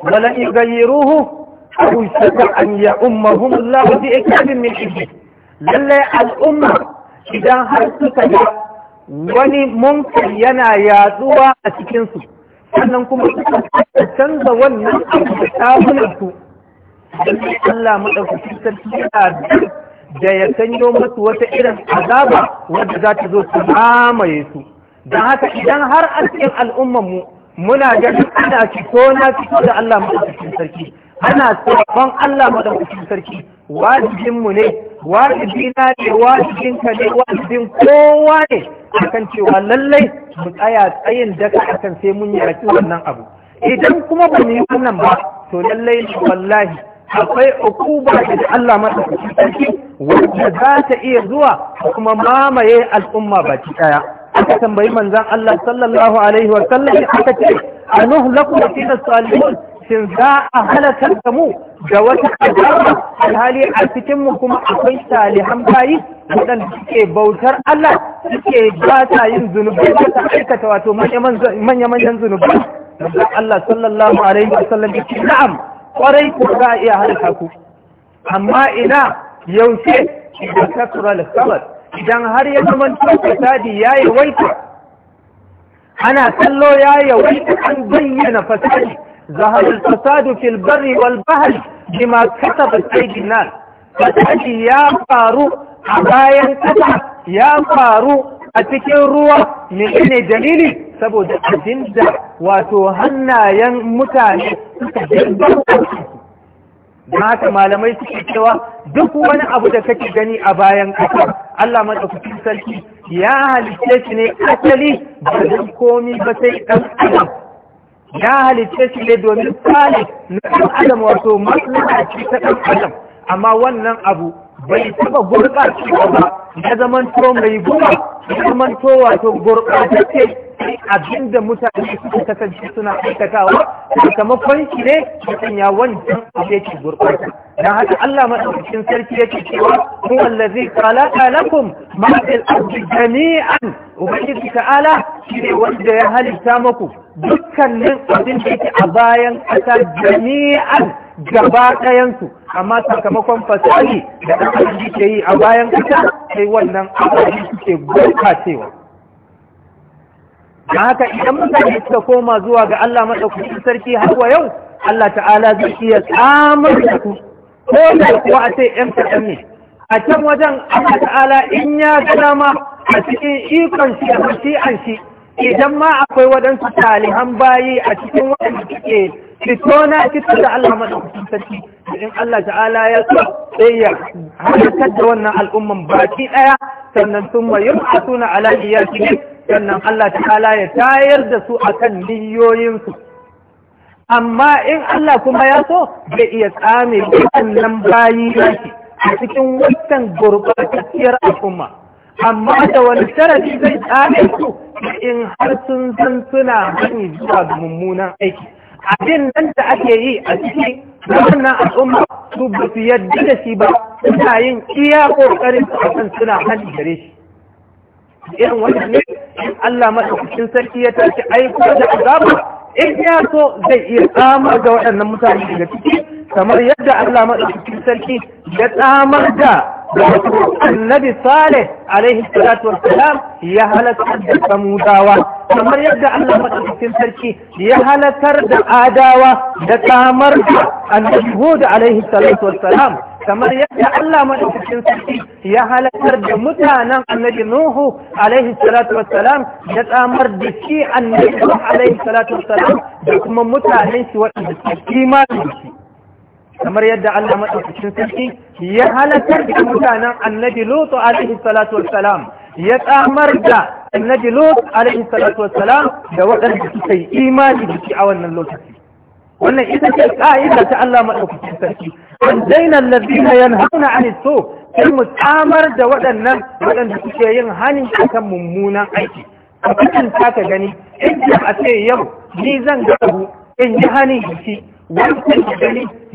wa la yughayyiruhu aw shaka an ya'ummahum Allah bi ikabin min ibli lalle al-umma idan har suka ga wani munkar yana yaduwa a cikin su sannan kuma suka canza wannan abu da tafunansu Allah maɗaukacin sarki yana da ya sanyo masu wata irin azaba wadda za ta zo su mamaye su don haka idan har a cikin al'ummanmu muna ganin ana fito na fito da Allah maɗaukacin sarki ana sabon Allah maɗaukacin sarki wajibinmu ne wajibina ne wajibinka ne wajibin kowa ne akan cewa lallai mu tsaya tsayin daka akan sai mun yaki wannan abu idan kuma ba mu yi wannan ba to lallai wallahi akwai ukuba da Allah madaukakin sarki wanda za ta iya zuwa kuma mamaye al'umma baki daya aka tambayi manzon Allah sallallahu alaihi wa sallam aka ce anuhlaku fi as shin za a halakar da mu da wata azaba alhali a cikin mu kuma akwai salihan bayi waɗanda suke bautar Allah suke ba ta yin zunubai ba ta aikata wato manya-manyan zunubai da Allah sallallahu alaihi wa sallam yake na'am kwarai ko za a iya halaka ku amma ina yaushe idan kasura al-khabar idan har ya zama ya yi waita ana kallo ya yi yawaita an bayyana fasadi ظهر الفساد في البر والبحر بما كتبت أيدي الناس فسادي يا فارو عبايا كتب يا فارو أتكين روى من إن دليلي saboda abin wato hannayen mutane suka haka malamai suke cewa duk wani abu da kake gani a bayan ƙasa Allah maɗaukakin sarki ya halitta shi ne asali ba don komi ba sai ɗan adam ya halice shi ne domin tsali na ɗan adam wato masu ce ta ɗan adam amma wannan abu bai taba gurɓacewa ba ya zaman to mai guba ya zaman to wato gurɓatacce abin abinda mutane suka kasance suna aikatawa sakamakon shi ne mutum ya wancan abu yake gurɓata dan haka Allah madaukakin sarki yake cewa huwa allazi khalaqa lakum ma fil ardi jami'an ubangiji ta'ala shi ne wanda ya halitta muku dukkanin abin da yake a bayan ƙasa jami'an gaba ɗayansu amma sakamakon fasali da ɗan suke yi a bayan kasa sai wannan abin suke gurɓacewa da haka idan mutane suka koma zuwa ga Allah maɗaukacin sarki har wa yau Allah ta'ala zai iya tsamar da su ko da kuwa a ce ƴan kaɗan ne a can wajen Allah ta'ala in ya ga dama a cikin ikon shi a shi an shi idan ma akwai waɗansu talihan bayi a cikin waɗanda suke fito na fito da Allah maɗaukakin sarki in Allah ta'ala ya so sai ya halakar da wannan al'umman baki ɗaya sannan sun ma yin suna ala cikin sannan Allah ta'ala ya tayar da su akan niyoyinsu amma in Allah kuma ya so zai iya tsame waɗannan bayi yaki a cikin wancan gurɓatacciyar al'umma amma da wani sharadi zai tsare su in har sun san suna hani zuwa mummunan aiki abin nan da ake yi a cikin wannan al'umma su ba su yadda da shi ba suna yin iya ƙoƙarin su kan suna hani gare shi irin wani ne Allah madaukakin sarki ya tashi aiko da azabu in ya so zai iya tsamar da waɗannan mutane daga ciki kamar yadda Allah madaukakin sarki ya tsamar da annabi salih alaihi salatu wassalam ya halakar da samudawa kamar yadda Allah madaukakin sarki ya halakar da adawa da kamar da annabi hud alaihi salatu wa wassalam kamar yadda Allah madaukakin sarki ya halakar da mutanen annabi nuhu alaihi salatu wassalam da kamar da shi annabi alaihi salatu wa salam da kuma mutanen shi waɗanda ke kimanin shi kamar yadda Allah madaukakin sarki ya halakar da mutanen annabi lutu alaihi salatu wassalam ya tsamar da annabi lutu alaihi salatu wassalam da waɗanda suka yi imani da shi a wannan lokaci wannan ita ce ka'ida ta Allah madaukakin sarki an daina allazina yanhauna anil su sai mu tsamar da waɗannan waɗanda suke yin hani akan mummunan aiki a cikin ka gani in a ce yau ni zan gabu in yi hani shi wancan ya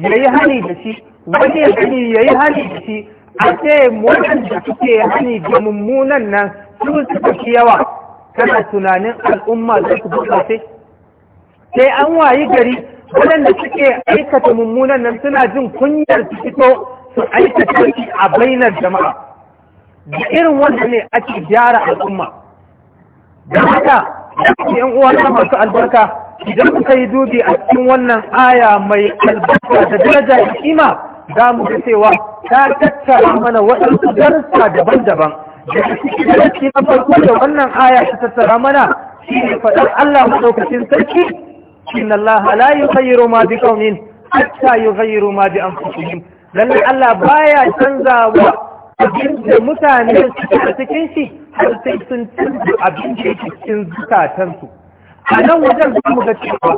ya yi hani da shi wani ya gani yi hani da shi a ce waɗanda suke hani da mummunan nan su suka fi yawa kana tunanin al'umma za su bukace sai an wayi gari waɗanda suke aikata mummunan nan suna jin kunyar su fito su aikata shi a bainar jama'a da irin wanda ne ake gyara al'umma da haka yan uwa masu albarka idan kuka yi dubi a cikin wannan aya mai albarka da daraja da kima za mu ga cewa ta tattara mana waɗansu darussa daban-daban da cikin na farko da wannan aya ta tattara mana shi ne faɗar Allah maɗaukacin sarki inna Allah la yughayyiru ma bi qaumin hatta yughayyiru ma bi anfusihim lalle Allah baya canzawa abin da mutane suke cikin shi har sai sun canza abin da yake cikin zukatansu a nan wajen zamu ga cewa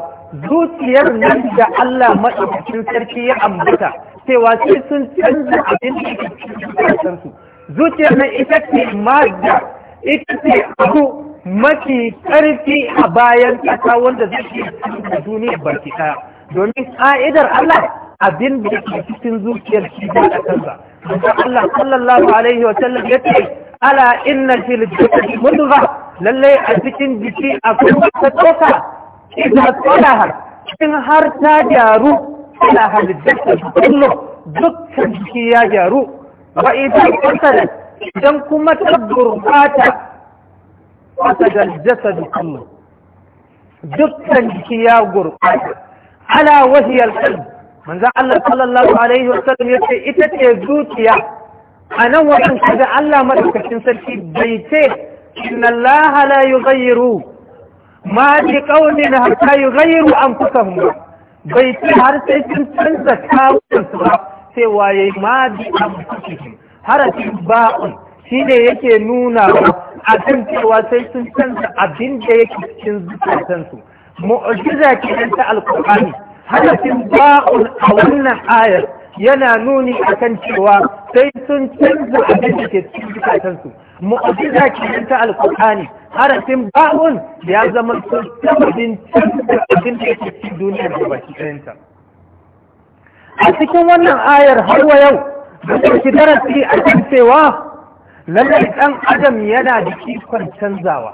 zuciyar nan da Allah maɗaukacin sarki ya ambata cewa sai sun canza abin da ke cikin su zuciyar nan ita ce madda ita ce abu mafi ƙarfi a bayan ƙasa wanda zai ke cikin duniya baki ɗaya domin ƙa'idar Allah abin da ke cikin zuciyar shi da a canza Allah sallallahu alaihi wa sallam ya ce ala inna fil jasadi mudghah lallai a cikin jiki a wata tsoka ita tsolahar cikin har ta gyaru tana halittar kullum dukkan jiki ya gyaru ba ita kasar idan kuma ta gurbata wata daljasa da kullum dukkan jiki ya gurbata ala wahiyar kalbi manzan Allah sallallahu Alaihi wasallam ya ce ita ce zuciya a nan wajen kaga Allah madaukakin sarki bai ce إن الله لا يغير ما بقوم حتى يغيروا Bai ci har sai sun canza su ba sai waye ma bi amfusihim harafin ba'un shi ne yake nuna a abin cewa sai sun canza abin da yake cikin zukatansu mu'jiza ke ta alkur'ani harafin ba'un a wannan ayar yana nuni a kan cewa sai sun canza abin da ke cikin zukatansu mu'ajiza ke ta alkur'ani harafin ba'un ya zama sun sababin canza abin da ke cikin duniyar da baki ɗayanta a cikin wannan ayar har wa yau da ɗauki darasi a kan cewa lallai ɗan adam yana da ikon canzawa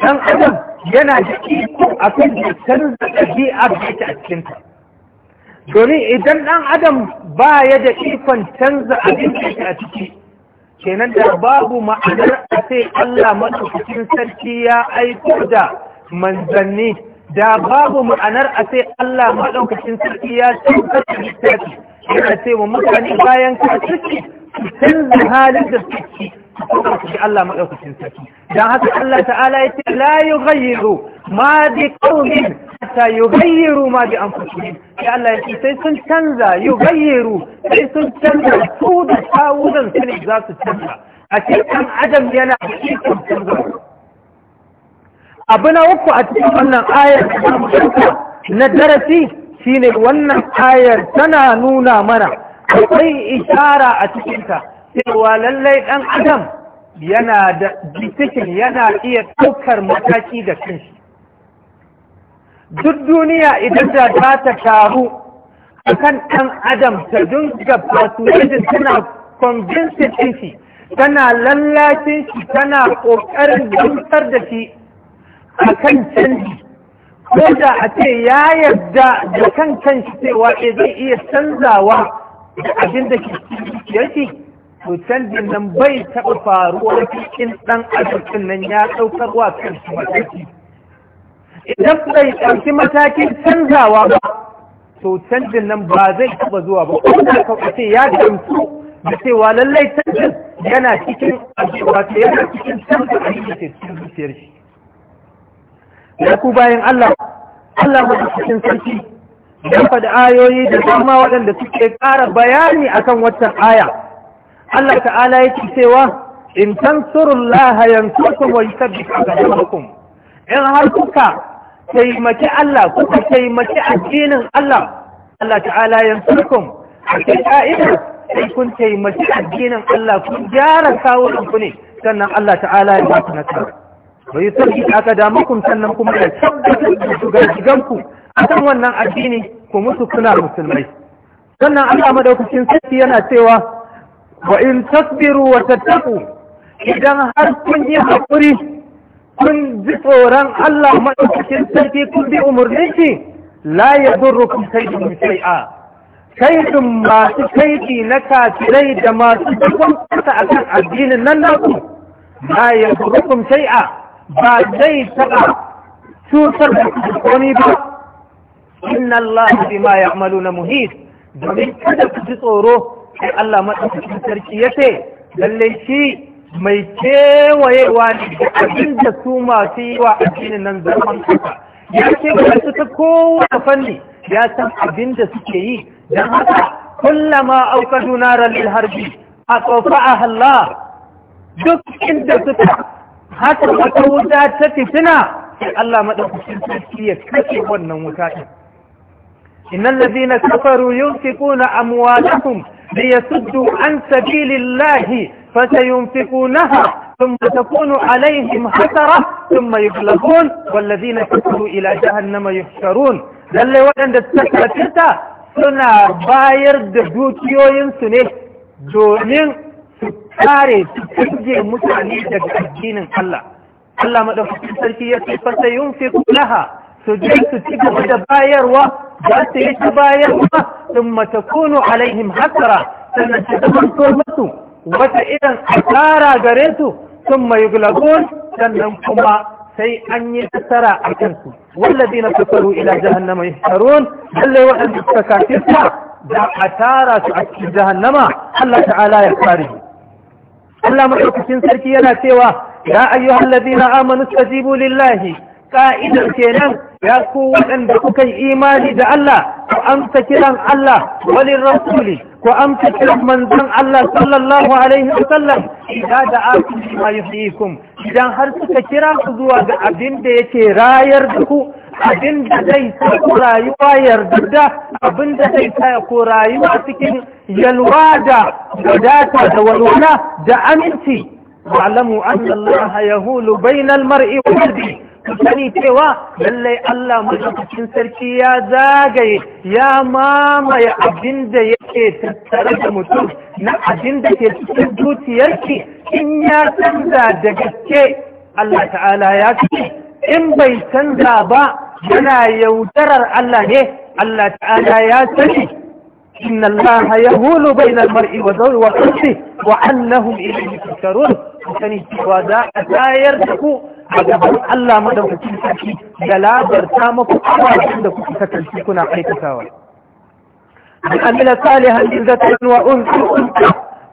ɗan adam yana da ikon abin da canza da yake a cikinta domin idan ɗan adam ba ya da ikon canza abinci a ciki kenan da babu ma'anar a sai Allah maɗaukakin sarki ya aiko da manzanni da babu ma'anar a sai Allah maɗaukakin sarki ya canza da littafi yana ce wa mutane bayan ka ciki canza halin da suke ɗaukaki Allah maɗaukacin sarki don haka Allah ta'ala ya ce la yi ma bi kaunin. hatta yughayyiru ma bi anfusihim ya Allah ya ce sai sun canza yughayyiru sai sun canza su da kawunan su ne za su canza a cikin adam yana da ikon canza abu na uku a cikin wannan ayar na darasi shine wannan ayar tana nuna mana akwai ishara a cikinta cewa lallai ɗan adam yana da jikin yana iya ɗaukar mataki da kanshi duk duniya idan da za ta taru a kan ɗan adam ta dinga fasulatin tana convincing shi tana lallashin shi tana ƙoƙarin gamsar da shi a kan canji ko da a ce ya yarda da kan kan shi cewa eh, zai iya canzawa abin da ke cikin shi to canjin nan bai taɓa faruwa cikin ɗan adam nan ya ɗaukar wa kan shi ba. idan bai ɗauki matakin canzawa ba to canjin nan ba zai taɓa zuwa ba kuma kawai ce ya gamsu da cewa lallai canjin yana cikin wato yana cikin canjin a yi ke cikin zuciyar shi da ku bayan Allah Allah cikin sarki ya da ayoyi da zama waɗanda suke ƙara bayani akan waccan aya Allah ta'ala yake cewa in tansurullaha yansurkum wa yuthabbit aqdamakum in har kuka taimaki Allah kuka taimaki addinin Allah Allah ta'ala yansurkum a kai sai kun taimaki addinin Allah kun gyara kawunan ku ne sannan Allah ta'ala ya ku nasara bai sarki aka da muku sannan kuma ya ga da shugabanku akan wannan addini ku mutu kuna musulmai sannan Allah madaukakin sarki yana cewa wa in tasbiru wa tattaqu idan har kun yi haƙuri. kun ji tsoron Allah maɗaukakin sarki kun bi umarnin shi la ya zurru kun kaidun shai'a kaidun masu kaidi na kafirai da masu dukkan kusa a kan addinin nan naku la ya zurru kun shai'a ba zai taɓa cutar da wani ba inna Allah bima ya'maluna muhit domin kada ku ji tsoro sai Allah maɗaukakin sarki ya ce lallai shi mai kewayewa ne abin da su masu yi wa addinin nan zaman kuka. ya kewaye su ta kowane fanni ya san abin da suke yi don haka kullama aukadu narar harbi a tsofa a halla duk inda suka haka wata wuta ta fitina sai Allah maɗaukacin sarki ya kashe wannan wuta ɗin إن الذين كفروا ينفقون أموالهم ليسدوا عن سبيل الله فسينفقونها ثم تكون عليهم حسرة ثم يغلبون والذين كفروا إلى جهنم يحشرون للي وعند التكفرة سنة باير دوكيوين سنة دونين سكاري تكجي متعني تكجين الله الله مدفع السلكية فسينفقونها سجل تتبع تبايروا جاءت يتبايروا ثم تكون عليهم حسرة سنة تتبع wata irin asara gare su sun mai gulagun sannan kuma sai an yi nasara a kansu wallazi na kafaru ila jahannama yahtarun lallai waɗanda suka kafirta da a tara su a cikin jahannama Allah ta'ala ya kare Allah madaukakin sarki yana cewa ya ayyuhal ladina amanu stajibu lillahi ka'idar kenan ya ku waɗanda kuka yi imani da Allah ku amsa kiran Allah wani rasuli ku amsa kiran manzan Allah sallallahu alaihi wasallam idan da aku ma yuhyikum idan har suka kira ku zuwa ga abin da yake rayar da ku abin da zai sa ku rayuwa yarda abin da zai sa ku rayuwa cikin yalwa da wadata da walwala da aminci wa'lamu anna Allah yahulu bainal mar'i wa qalbi sani cewa lallai Allah madaukakin sarki ya zagaye ya mamaye abin da yake tattare da mutum na abin da ke cikin zuciyarki in ya canza da gaske Allah ta'ala ya ce in bai canza ba yana yaudarar Allah ne Allah ta'ala ya sani إن الله يهول بين المرء وزوج وقلبه وأنهم إليه تذكرون وكان يتوادى أتاير تكون a gaban Allah madaukakin sarki da labarta maku ababen da kuka kasance kuna aikatawa bi amila salihan zata zakarin wa unsu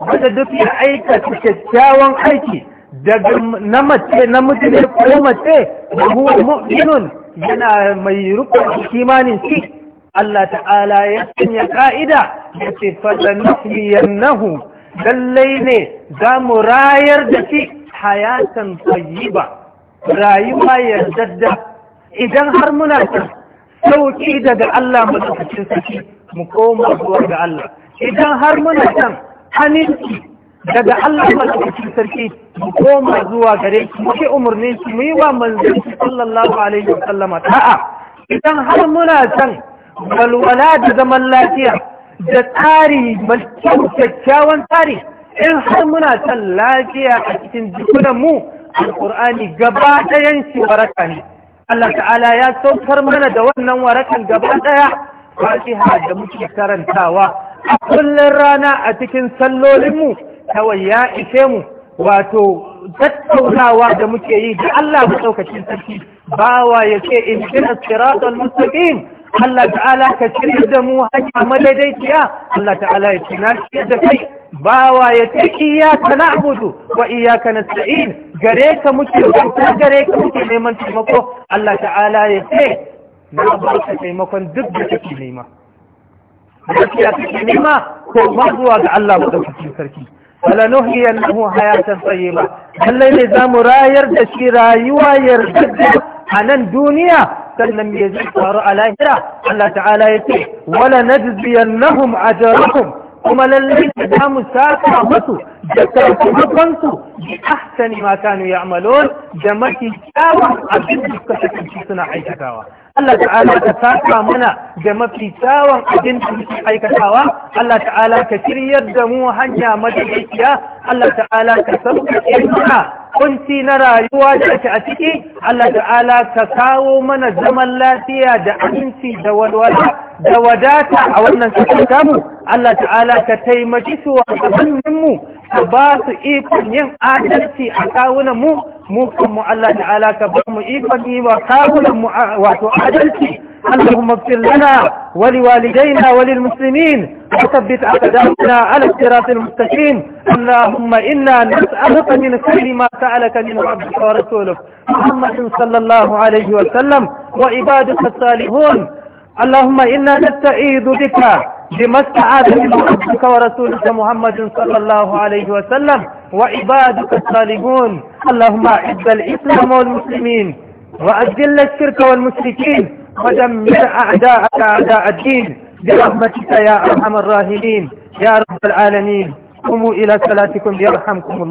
wanda duk ya aikata kyakkyawan aiki daga na mace na mutane ko mace da huwa mu'minun yana mai rufe kimanin shi Allah ta'ala ya sanya ka'ida ya ce nahu. lallai ne za mu rayar da shi hayatan tayyiba rayuwa yardadda idan har muna ta sauki daga Allah madaukakin sarki mu koma zuwa ga Allah idan har muna san haninki daga Allah madaukakin sarki mu koma zuwa gare ki mu umarnin ki mu yi wa manzon sallallahu alaihi wa sallama ta'a idan har muna san walwala da zaman lafiya da tsari kyakkyawan tsari in har muna san lafiya a cikin jikunan mu alƙur'ani gaba ɗayan shi waraka ne Allah ta'ala ya saukar mana da wannan warakan gaba ɗaya fatiha da muke karantawa a kullun rana a cikin sallolinmu kawai ya ishe mu wato tattaunawa da muke yi da Allah ɗaukacin sarki bawa ya ce in kina siratal mustaqim Allah ta'ala ka shirya da mu hanya madaidaiciya Allah ta'ala ya ce na shirya da kai bawa ya ce iyaka na'budu wa iyaka nasta'in gare ka muke bauta gare ka muke neman taimako Allah ta'ala ya ce na ba ka taimakon duk da kake nema gaskiya kake nema ko ba zuwa ga Allah madaukakin sarki wala nuhiyannahu hayatan tayyiba lallai ne zamu rayar da shi rayuwa yarda a nan duniya sannan ya zai faru a lahira Allah ta'ala ya ce wala najziyannahum ajrahum kuma lallai za mu saka musu da sakamakon su bi ahsani ma kanu ya'malun da mafi kyawun abin da suka kasance suna aikatawa Allah ta'ala ka saka mana da mafi kyawun abin da muke aikatawa Allah ta'ala ka shiryar da mu hanya madaidaiciya Allah ta'ala ka sauka mana kunci na rayuwa da ake a ciki Allah ta'ala ka kawo mana zaman lafiya da aminci da walwala da wadata a wannan kasar tamu Allah ta'ala ka taimaki su a mu ka ba su ikon yin adalci a kawunan mu mu Allah ta'ala ka ba mu ikon yi wa kawunan mu wato adalci اللهم اغفر لنا ولوالدينا وللمسلمين وثبت أقدامنا على الصراط المستقيم اللهم إنا نسألك من كل ما سألك من عبدك ورسولك محمد صلى الله عليه وسلم وعبادك الصالحون اللهم إنا نستعيذ بك بما استعاذ من عبدك ورسولك محمد صلى الله عليه وسلم وعبادك الصالحون اللهم أعز الإسلام والمسلمين وأذل الشرك والمشركين ودمر أعداءك أعداء الدين برحمتك يا أرحم الراحمين يا رب العالمين قوموا إلى صلاتكم يرحمكم الله